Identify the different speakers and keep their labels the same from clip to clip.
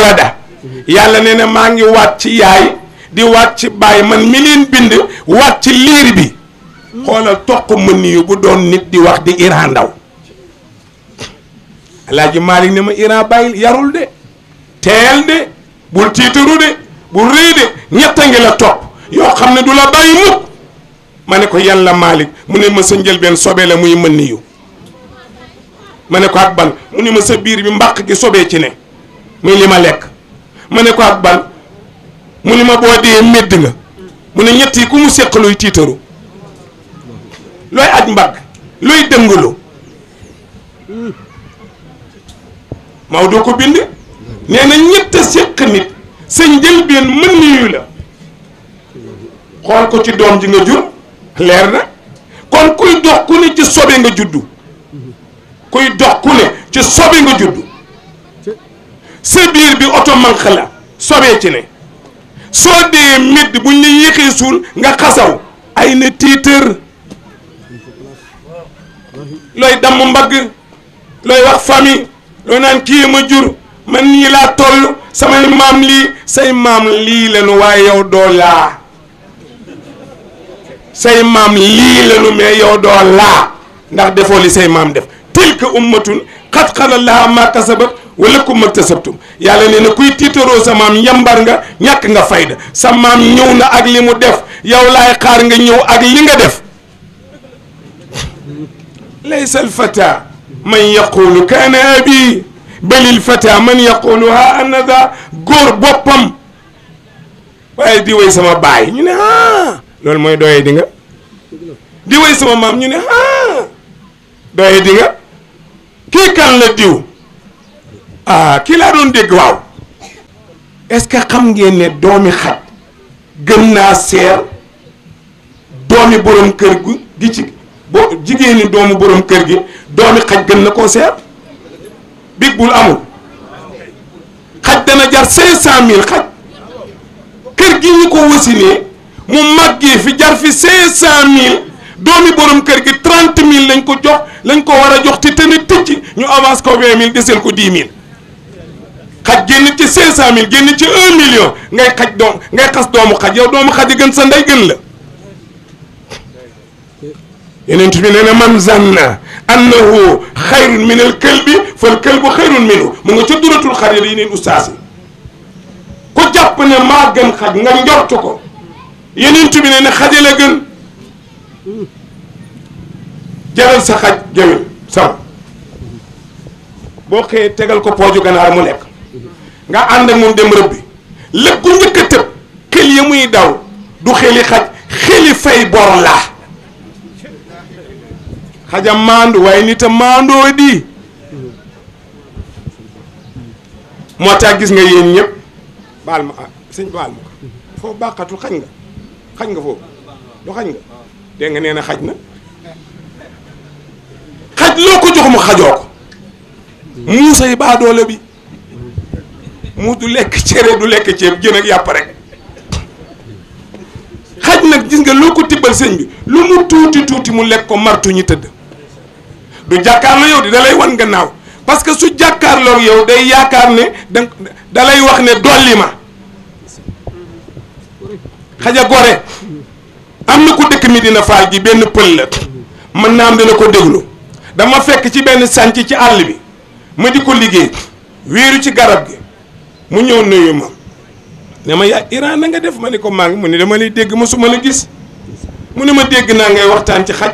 Speaker 1: walada yàlla nee na maa ngi waat ci yaay di waat ci baay man mi bind waat ci liir bi xoolal toq mën yu bu doon nit di wax di Iran ndaw alaaji Malick ne ma Iran bàyyil yarul de teel de bul tiitaru de bul rëy de ñett a ngi la topp yoo xam ne du la bàyyi mukk ma ne ko yàlla Malick mu ne ma sa njëlbeen sobe la muy mën yu ma ne ko ak ban mu ne ma sa biir bi mbaq gi sobee ci ne muy li ma lekk ma ne ko ak ban mu ni ma boo dee médd nga mu ne ñett yi ku mu séq luy tiitaru looy aj mbagg luy dëngalu Maodo ko bind nee na ñett a séq nit sa njëlbeen mën niyu la xool ko ci doom ji nga jur leer na kon kuy dox ku ne ci sobe nga juddu kuy dox ku ne ci sobe nga juddu sa biir bi oto manq la sobee ci ne soo dee medd buñ la yéexee suul nga xasaw ay na tiitër looy damm mbagg looy wax famille looy naan kii ma jur man nii laa toll samay maam lii say maam lii lañu waaye yow doo laa say maam lii lañu mais yow doo ndax defoo li say maam def tilka ummatun qad xalat laha ma kasabat wala ku mag ta sabtum yàlla nee na kuy tiitaroo sa maam yambar nga ñàkk nga fayda sa maam ñëw na ak li def yow lay xaar nga ñëw ak li nga def laysa alfata man yaqulu kaana abi balil fata man yaqulu ha anada góor boppam waaye di way sama baay ñu ne ah loolu mooy doyee di nga di way sama maam ñu ne ah di nga kii la diw ah kii laa doon dégg waaw est-ce que xam ngeen ne doomi xat gën naa seer doomi borom kër gi ci bo jigéeni doomu borom kër gi doomi xaj gën na koo seer big bul amul xaj dana jar cinq cent mille xaj kër gi ñu ko wasinee mu màggee fi jar fi cinq cent mille doomi borom kër gi trente mille lañ ko jox lañ ko war a jox te te ne tëcc ñu avance ko vingt mille ko dix mille xaj génn ci 500000 génn ci 1 million ngay xaj doom ngay doomu xaj yow doomu xaj a gën sa ndey gën la. yeneen bi nee man zanna annahu xayrun min al kalbi fal kalbu xayrun minhu mu nga ca duratul xaj yi neen ustaas yi ko jàpp ne maa gën xaj nga njortu ko yeneen bi nee na la gën jaral sa xaj géwél sam boo xëyee tegal ko pooju ganaar mu lekk nga ànd ak moom dem rëb bi lépp ku njëkk a tëb xel ya muy daw du xeli xaj xeli fay bor la xaja maandu waaye nit a maandoo di moo tax gis nga yéen ñëpp baal ma ah sëñ baal ma ko foofu baaxatul xañ nga xañ nga foofu du xañ nga dégg nga nee na xaj na xaj loo ko jox mu xajoo ko muusa yi baa doole bi mu du lekk cere du lekk ceeb jën ak yàpp rek xaj nag gis nga loo ko tibbal sëñ bi lu mu tuuti tuuti mu lekk ko martu ñi tëdd du jàkkaarloo yow di dalay wan gannaaw parce que su jàkkaarloo yow day yaakaar ne da dalay wax ne dolli ma xaja gore am na ko dëkk mi dina faal ji benn pël la mën naa am dina ko déglu dama fekk ci benn sànc ci àll bi ma di ko liggéey wéeru ci garab gi mu ñëw nuyu ma ne ma yaa Iran na nga def ma ne ko maa ngi mu ne dama lay dégg ma suma la gis mu ne ma dégg naa ngay waxtaan ci xaj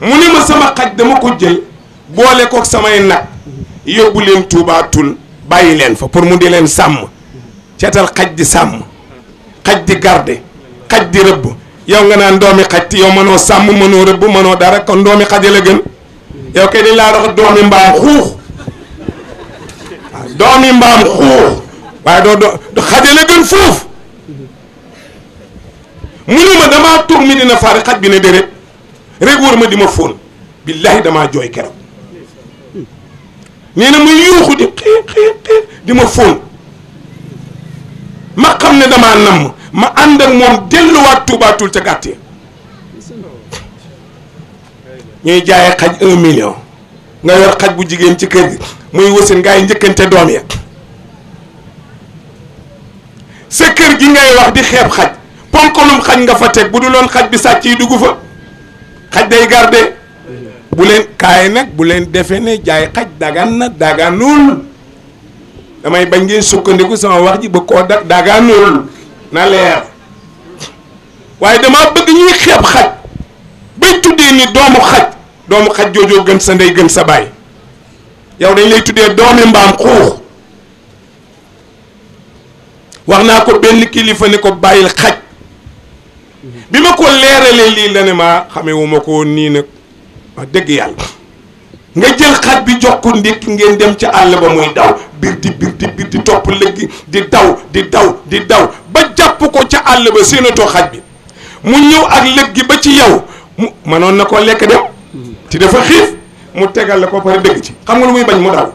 Speaker 1: mu ne ma sama xaj dama ko jël boole kook samay nag yóbbu leen tuubaatul bàyyi leen fa pour mu di leen sàmm ceetal xaj di sàmm xaj di garde xaj di rëbb yow nga naan doomi xaj ti yow mënoo sàmm mënoo rëbb mënoo dara kon doomi xaj la gën yow kay laa dox doomi mbaam xuux doomi mbaam xuux waaye doo doo xajale gën foofu mu damaa tur mi dina faari xaj bi ne déedéet rek wër ma di ma fóon billahi damaa jooy keroog nee muy yuuxu di xii xii xii di ma fóon ma xam ne damaa namm ma ànd ak moom delluwaat tuubaatul ca gàttee ñuy jaayee xaj un million nga yor xaj bu jigéen ci kër gi muy wasin ngay njëkkante doom ya sa kër gi ngay wax di xeeb xaj ponkalum xaj nga fa teg bu du loon xaj bi sàcc yi dugg fa xaj day garde bu leen kaay nag bu leen defe ne jaay xaj dagan na daganul damay bañ ngeen sukkandiku sama wax ji ba koo da daganul na leer waaye dama bëgg ñuy xeeb xaj bay tuddee ni doomu xaj doomu xaj joojoo gën sa ndey gën sa baay yow dañ lay tuddee doomi mbaam xuux wax naa ko benn kilifa ne ko bàyyil xaj bi ma ko leeralee lii la ne maa xamee wu ma ko woon nii nag wax dëgg yàlla nga jël xaj bi jox ko ndékki ngeen dem ca àll ba muy daw bir di bir di topp lëggi di daw di daw di daw ba jàpp ko ca àll ba séenatoo xaj bi mu ñëw ak lëggi ba ci yow mu mënoon na ko lekk dem ci dafa xiif mu tegal la ko pare dëgg ci xam nga lu muy bañ mu daw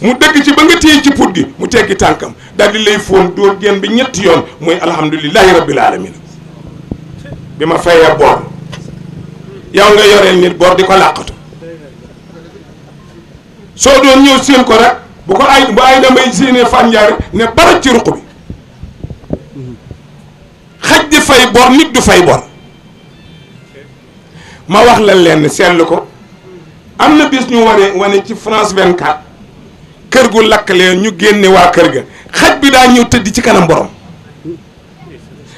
Speaker 1: mu dëgg ci ba nga téye ci put gi mu teggi tànkam daal di lay fóon dóor génn bi ñetti yoon mooy alhamdulilahi rabbil alamin bi ma fayee boor yow nga yoreel nit boor di ko làqatu soo doon ñëw seen ko rek bu ko ay bu ay damay séenee fànjaar ne baraj ci ruq bi xaj di fay bor nit du fay bor ma wax la leen seetlu ko am na bis ñu wane wane ci France 24 kër gu lakk leen ñu génne waa kër ga xaj bi daa ñëw tëdd ci kanam borom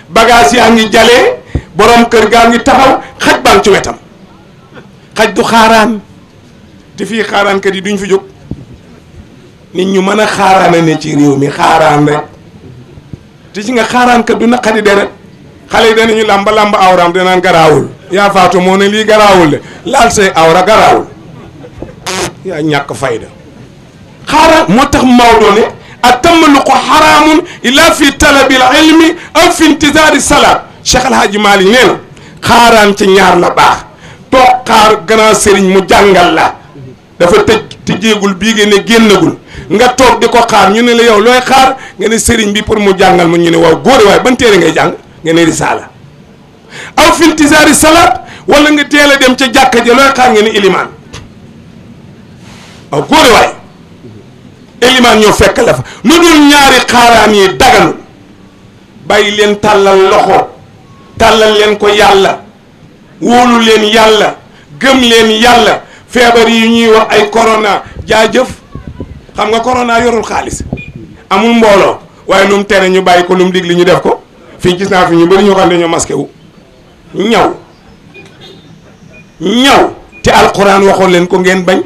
Speaker 1: bagage yaa ngi jalee borom kër gaa ngi taxaw xaj baa ngi ci wetam xaj du xaaraan te fii xaaraankat yi duñ fi jóg nit ñu mën a xaaraana ne ci réew mi xaaraan rek te ci nga xaaraankat du naqari deret xale yi danañu làmba làmba awraam danaan garaawul yaa faatu moo ne lii garaawul de laal say awra garaawul yaa ñàkk fayda xaaral moo tax Maodo ne ko xaraamun illa fi talabil ilmi aw fi intisaari salaat Cheikh El Hadj Malick nee na xaaraan ci ñaar la baax toog xaar grand sëriñ mu jàngal la dafa tëj tëjeegul bii ngeen ne génnagul nga toog di ko xaar ñu ne la yow looy xaar nga ne sëriñ bi pour mu jàngal ma ñu ne waaw góore waaye ban téere ngay jàng nga ne risaala aw fi intisaari salaat wala nga teel a dem ca jàkka ja looy xaar nga ilimaan waaw góore waay élimaan ñoo fekk la fa lu dul ñaari xaaraan yi daganu bàyyi leen tàllal loxo tàllal leen ko yàlla wóolu leen yàlla gëm leen yàlla feebar yi ñuy wax ay corona jaajëf xam nga corona yorul xaalis amul mbooloo waaye lu mu tere ñu bàyyi ko lu mu dig li ñu def ko fii gis naa fi ñu bari ñoo xam ne ñoo maskew wu ñaw ñaw te alquran waxoo leen ko ngeen bañ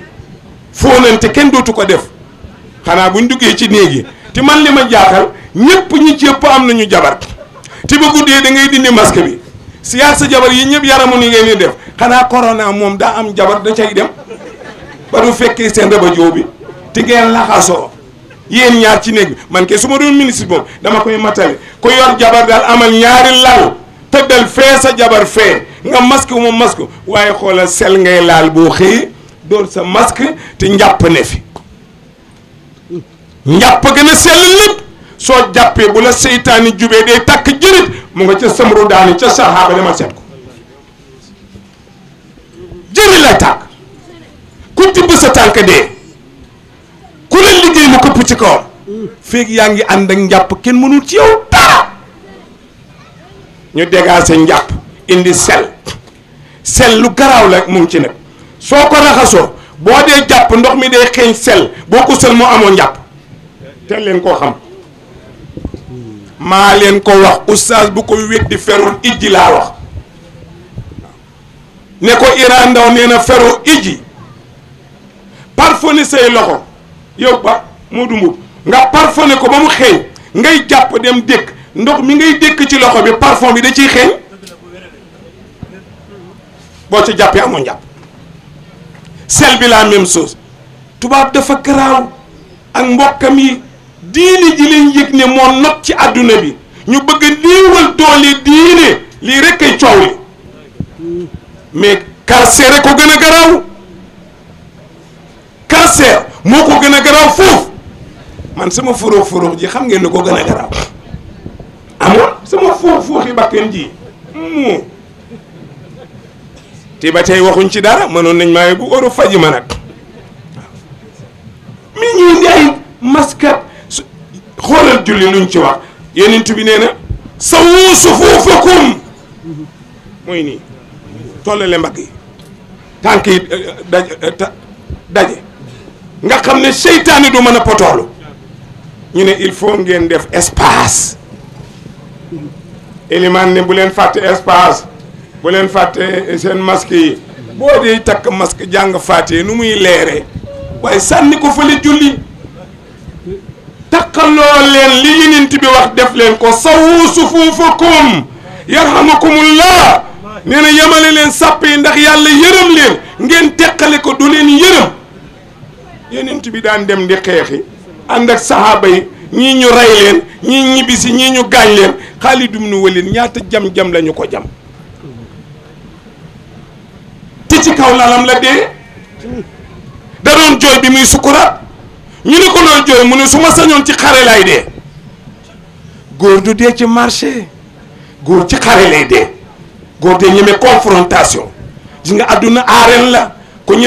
Speaker 1: fóonante kenn dootu ko def xanaa buñ duggee ci néeg yi te man li ma jaaxal ñëpp ñi ci ëpp am nañu jabar te ba guddee da ngay dindi masque bi siyaat sa jabar yi ñëpp yaramu ni ngeen di def xanaa corona moom daa am jabar da cay dem ba du fekkee seen raba joo bi te ngeen laxasoo yéen ñaar ci néeg bi man ke su ma doon ministre boobu dama koy matale ku yor jabar daal amal ñaari lal tëddal fee sa jabar fee nga masque moom masque waaye xoolal sel ngay laal boo dóor sa masque te njàpp ne fi njàpp gën a sell lépp soo jàppee bu la seytaani jubee day takk jëriñ mu nga ca samru daani ca saxaaba dama seet ko jëri lay tàkk ku tibb sa tànk dee ku la liggéey lu këpp ci kawam féeg yaa ngi ànd ak njàpp kenn mënul ci yow dara ñu dégaase njàpp indi sel sel lu garaaw la mu ngi ci nag soo ko raxasoo boo dee jàpp ndox mi day xeeñ sel boo ko sel mu amoon njàpp teel leen koo xam maa leen ko wax oustaz bu ko weddi ferul ijji laa wax ne ko Iran ndaw nee na ferul ijji parfone say loxo yow ba moo dumbu nga parfone ko ba mu xeeñ ngay jàpp dem dékk ndox mi ngay dékk ci loxo bi parfum bi da ciy xeeñ boo ci jàppee amoon njàpp sel bi la même chose tubaab dafa garaaw ak mbokkam yi diine ji leen yëg ne moo not ci àdduna bi ñu bëgg a néewal doole diine lii rek ay coow li mais carcère ko gën a garaaw carcère moo ko gën a garaaw foofu man sama furux furux ji xam ngeen ne ko gën a garaaw amoon sama fóox fóoxi bakken ji moo hmm. ti ba tey waxuñ ci dara mënoon nañ maa bu oru faji ma nag mi ñuy indi ay maskat xoolal julli luñ ci wax yonent bi nee na sawu sufuufakum mooy nii tollale mbagg yi tànk yi euh, euh, euh, daje nga xam ne seytaane du mën a potoolu ñu ne il faut ngeen def espace élimaan ne bu leen fàtte espace bu leen fàtte seen masque yi boo dee takk masque jàng fàtte nu muy leere waaye sànni ko fële julli takkaloo leen li yonent bi wax def leen ko sawu sufuufakum yarhamukumullah nee na yemale leen sàpp yi ndax yàlla yërëm leen ngeen teqale ko du leen yërëm yonent bi daan dem di xeexi ànd ak sahaaba yi ñii ñu rey leen ñii ñibbisi ñii ñu gaañ leen Xaalid ibn Walid ñaata jam-jam lañu ko jam ci kaw lalam la dee da jooy bi muy sukkuraat ñu ni ko looy jooy mu ne su ma sañoon ci xare lay dee góor du dee ci marché góor ci xare lay dee góor dee ñeme confrontation gis nga àdduna arène la ko ñeme